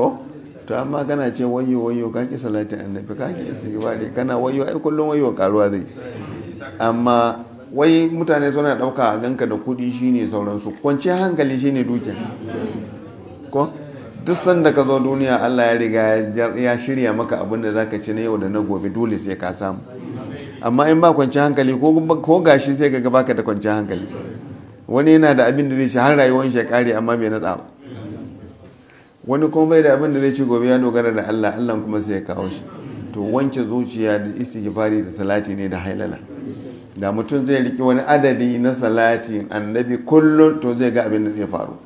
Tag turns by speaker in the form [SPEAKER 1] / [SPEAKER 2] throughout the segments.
[SPEAKER 1] ko to amma kana ce wayo wayo kake salati annabi kake istighfari kana wayo ai kullun wayo karuwa zai amma wai mutane suna dauka a ganka da kudi shine sauransu kwance hankali shine dukiya ko duk sanda ka zo duniya Allah ya riga ya shirya maka abin da zaka ci na yau da na gobe dole sai ka samu amma in ba kwance hankali ko gashi sai ka ga baka da kwance hankali wani yana da abin da zai ci har rayuwar shi ya kare amma bai na ba wani kuma bai da abin da zai ci gobe ya dogara da Allah Allah kuma sai ya kawo shi to wanke zuciya da istighfari da salati ne da hailala da mutum zai riki wani adadi na salati annabi kullum to zai ga abin da zai faru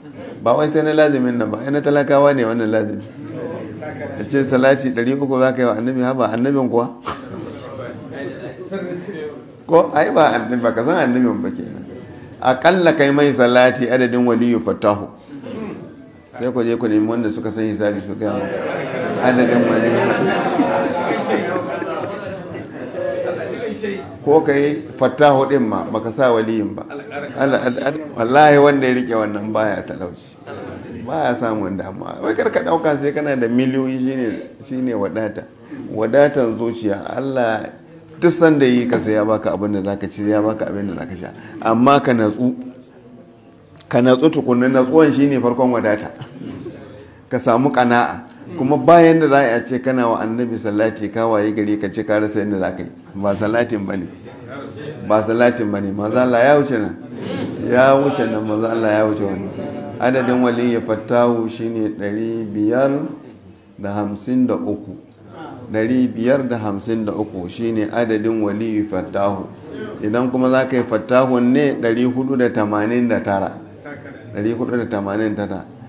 [SPEAKER 1] ba wai sai na lazimin nan ba ai na talakawa ne wannan lazimi a ce salati 300 za ka yi wa annabi haba annabin kuwa ko ai ba annabi ba ka san annabin ba kenan akalla kai mai salati adadin waliyu fatahu sai ku je ku nemi wanda suka san hisabi su gaya muku adadin mani ko ka yi fattahu din ma baka sa waliyin ba wallahi wanda ya rike wannan baya talauci baya samun damuwa wai karka dauka sai kana da miliyoyi shine shine wadata wadatan zuciya Allah duk sanda yi ka sai ya baka abin da zaka ci ya baka abin da zaka sha amma ka natsu ka natsu tukunin natsuwan shine farkon wadata ka samu kana'a kuma bayan da za a ce kana wa annabi salati ka waye gari ka ce ka rasa yadda za ka yi ba salatin ba ne ba salatin ba ne maza Allah ya wuce nan ya wuce nan maza Allah ya wuce wani adadin wali ya fattahu ne 553 shi shine adadin wali ya fattahu idan kuma za ka yi fattahun ne 489 ɗari hudu da tamanin tara